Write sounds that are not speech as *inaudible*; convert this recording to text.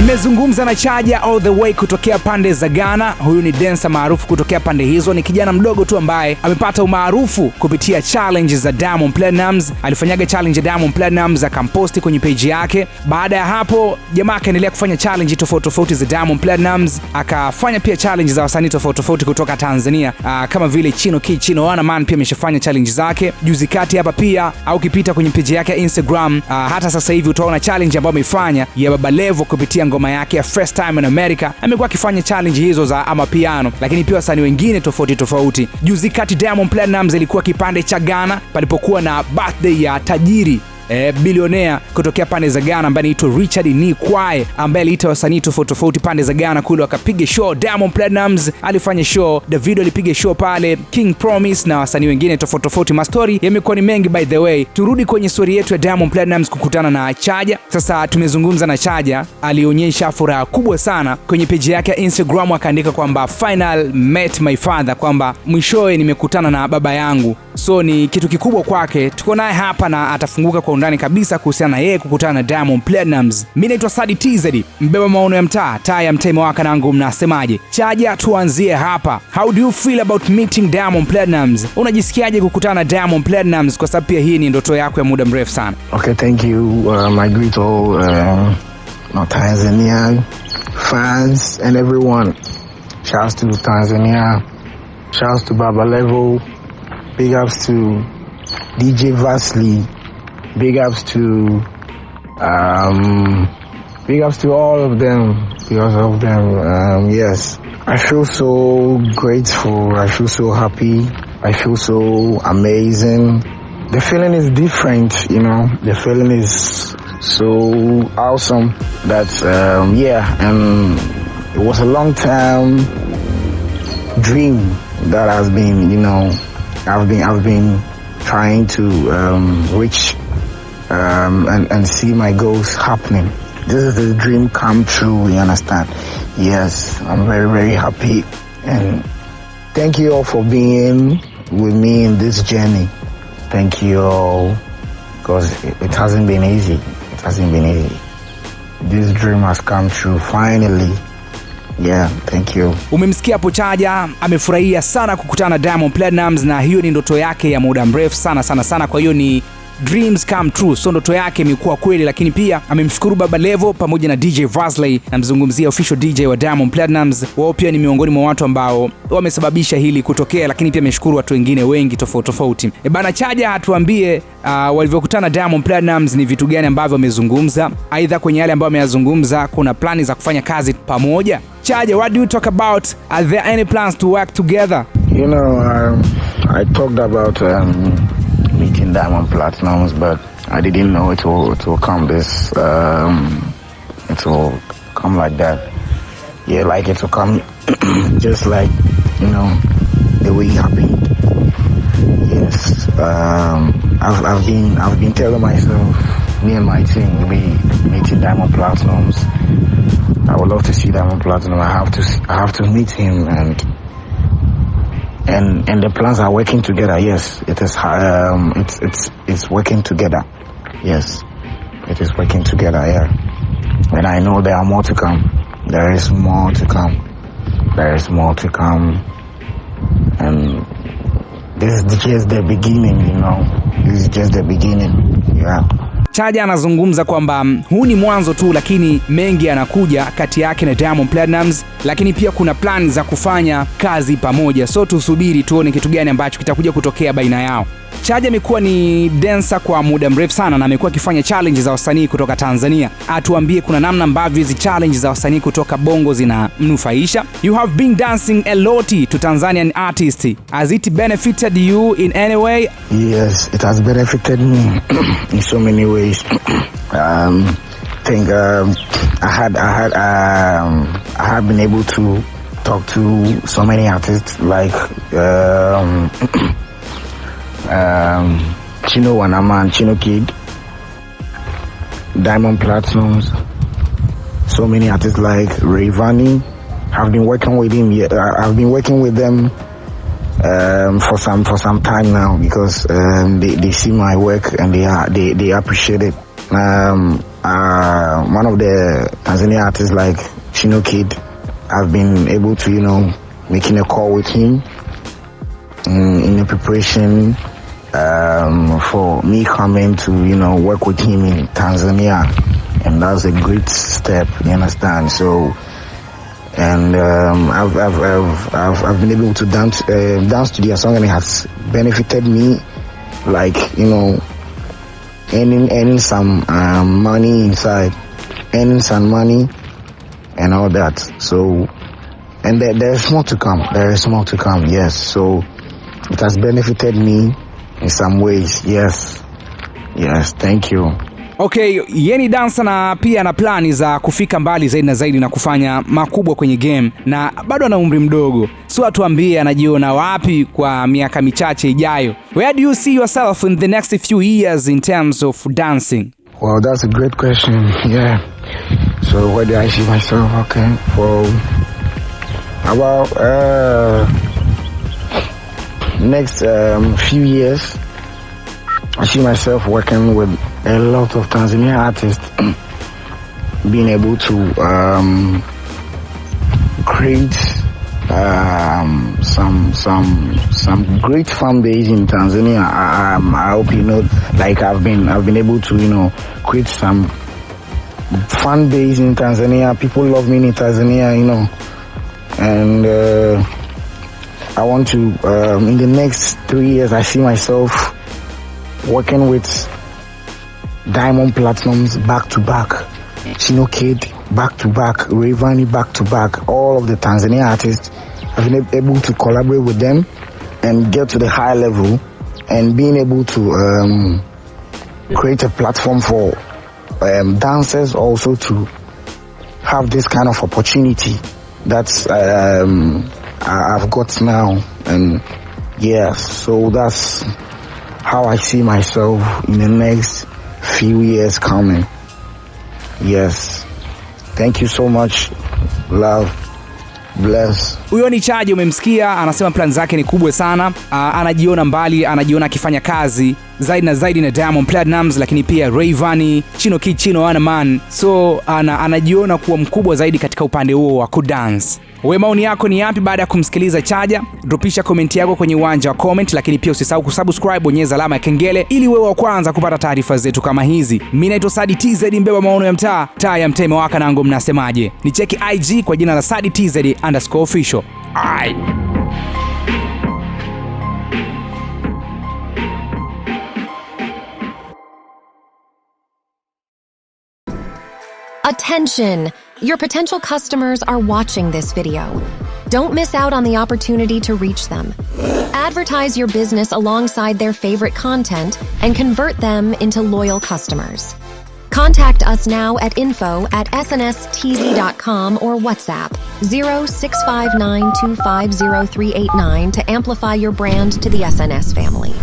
Nimezungumza na Chaja all the way kutokea pande za Ghana. Huyu ni densa maarufu kutokea pande hizo, ni kijana mdogo tu ambaye amepata umaarufu kupitia challenge za Diamond Platnumz. Alifanyaga challenge ya Diamond Platnumz akamposti kwenye page yake. Baada ya hapo, jamaa akaendelea kufanya challenge tofauti tofauti za Diamond Platnumz, akafanya pia challenge za wasanii tofauti tofauti kutoka Tanzania aa, ah, kama vile Chino Ki Chino Wana Man pia ameshafanya challenge zake juzi kati hapa pia, au ukipita kwenye page yake ya Instagram aa, ah, hata sasa hivi utaona challenge ambayo amefanya ya Baba Levo kupitia ngoma yake ya First Time in America amekuwa akifanya challenge hizo za amapiano, lakini pia wasanii wengine tofauti tofauti. Juzi kati Diamond Platnumz ilikuwa kipande cha Ghana palipokuwa na birthday ya tajiri eh, bilionea kutokea pande za Ghana ambaye anaitwa Richard kwae ambaye aliita wasanii tofauti tofauti pande za Ghana kule wakapiga show. Diamond Platnumz alifanya show, Davido alipiga show pale, King Promise na wasanii wengine tofauti tofauti. Mastori yamekuwa ni mengi. By the way, turudi kwenye stori yetu ya Diamond Platnumz kukutana na Chaja. Sasa tumezungumza na Chaja, alionyesha furaha kubwa sana kwenye peji yake ya Instagram, akaandika kwamba final met my father, kwamba mwishowe nimekutana na baba yangu so ni kitu kikubwa kwake. Tuko naye hapa na atafunguka kwa undani kabisa kuhusiana na yeye kukutana na Diamond platinums Mimi naitwa Sadi TZ, mbeba maono ya mtaa, taa ya mtaa imewaka, nangu mnasemaje? Chaja tuanzie hapa. How do you feel about meeting Diamond platinums Unajisikiaje kukutana na Diamond platinums kwa sababu pia hii ni ndoto yako ya muda mrefu sana? Okay, thank you uh, my great all uh, no, Tanzania fans and everyone. Shouts to Tanzania. Shouts to Baba level Big ups to DJ Vasily. Big ups to um, big ups to all of them because of them. Um, yes, I feel so grateful. I feel so happy. I feel so amazing. The feeling is different, you know. The feeling is so awesome that um, yeah, and it was a long time dream that has been, you know, I've been I've been trying to um, reach um, and, and see my goals happening. This is the dream come true, you understand? Yes, I'm very, very happy. And thank you all for being with me in this journey. Thank you all, because it, it hasn't been easy. It hasn't been easy. This dream has come true finally. Yeah, thank you. Umemsikia hapo Chaja, amefurahia sana kukutana na Diamond Platnumz na hiyo ni ndoto yake ya muda mrefu sana sana sana, kwa hiyo ni dreams come true, so ndoto yake imekuwa kweli. Lakini pia amemshukuru Baba Levo pamoja na DJ Vasley, namzungumzia official DJ wa Diamond Platnumz. Wao pia ni miongoni mwa watu ambao wamesababisha hili kutokea, lakini pia ameshukuru watu wengine wengi tofauti tofauti. E bana, Chaja hatuambie Uh, walivyokutana Diamond Platnumz ni vitu gani ambavyo wamezungumza, aidha kwenye yale ambayo ameyazungumza kuna plani za kufanya kazi pamoja. Chaja, what do you talk about? Are there any plans to work together? You know, um, I talked about um... making diamond platinums, but I didn't know it will it will come this um, it will come like that. Yeah, like it will come *clears throat* just like you know the way it happened. Yes, um, I've I've been I've been telling myself me and my team will be meeting diamond platinums. I would love to see diamond platinum. I have to I have to meet him and and and the plans are working together. Yes, it is. Um, it's it's it's working together. Yes, it is working together. Yeah, and I know there are more to come. There is more to come. There is more to come. And this is just the beginning, you know. This is just the beginning. Yeah. Chaja anazungumza kwamba huu ni mwanzo tu, lakini mengi yanakuja kati yake na Diamond Platnumz lakini pia kuna plan za kufanya kazi pamoja, so tusubiri tuone kitu gani ambacho kitakuja kutokea baina yao. Chaja amekuwa ni densa kwa muda mrefu sana na amekuwa akifanya challenge za wasanii kutoka Tanzania. Atuambie kuna namna ambavyo hizi challenge za wasanii kutoka Bongo zinamnufaisha. You have been dancing a lot to Tanzanian artists. Has it benefited you in any way? Yes, it has benefited me *clears throat* in so many ways. *clears throat* Um, think um, I had I had um, I have been able to talk to so many artists like um, *clears throat* um, Chino Wanama and Chino Kid, Diamond Platinums, so many artists like Rayvani. I've been working with him. Uh, I've been working with them um, for some for some time now because um, they, they see my work and they are, they, they appreciate it. Um, uh, one of the Tanzania artists like Chino Kid, I've been able to, you know, making a call with him mm, in, in preparation um, for me coming to, you know, work with him in Tanzania. And that's a great step, you understand? So, and um, I've, I've, I've, I've, I've been able to dance, uh, dance to their song and it has benefited me, like, you know, earning earning some um, money inside, earning some money, and all that. So, and there, there is more to come. There is more to come. Yes. So, it has benefited me in some ways. Yes. Yes. Thank you. Okay, ye ni dansa na pia ana plani za kufika mbali zaidi na zaidi na kufanya makubwa kwenye game, na bado ana umri mdogo, Si watu ambie anajiona wapi kwa miaka michache ijayo. Where do you see yourself in the next few years in terms of dancing? Well, that's a great question. Yeah. So where do I see myself? Okay. Well, about uh, next um, few years, I see myself working with a lot of Tanzanian artists *clears throat* being able to um, create um, some some some great fan base in Tanzania. I, um, I hope you know, like I've been I've been able to you know create some fan base in Tanzania. People love me in Tanzania, you know, and uh, I want to um, in the next three years. I see myself working with Diamond Platinums back to back, Chino Kid back to back, Rayvani back to back. All of the Tanzania artists have been able to collaborate with them and get to the high level and being able to um, create a platform for um, dancers also to have this kind of opportunity that um, I've got now and yeah so that's how I see myself in the next few years coming. Yes. Thank you so much. Love. Bless. Huyo ni Chaji, umemsikia anasema plan zake ni kubwa sana. Uh, anajiona mbali, anajiona akifanya kazi zaidi na zaidi na Diamond Platnumz, lakini pia Rayvanny, Chino Ana Man. So ana, anajiona kuwa mkubwa zaidi katika upande huo wa kudance. We, maoni yako ni yapi baada ya kumsikiliza Chaja? Dropisha komenti yako kwenye uwanja wa comment, lakini pia usisahau kusubscribe, bonyeza alama ya kengele ili wewe wa kwanza kupata taarifa zetu kama hizi. Mimi naitwa Sadi TZ, mbeba maono ya mtaa, taa ya mtaa imewaka, nangu mnasemaje? Ni cheki IG kwa jina la Sadi TZ underscore official. Attention! Your potential customers are watching this video. Don't miss out on the opportunity to reach them. Advertise your business alongside their favorite content and convert them into loyal customers. Contact us now at info at snstz.com or WhatsApp 0659250389 to amplify your brand to the SNS family.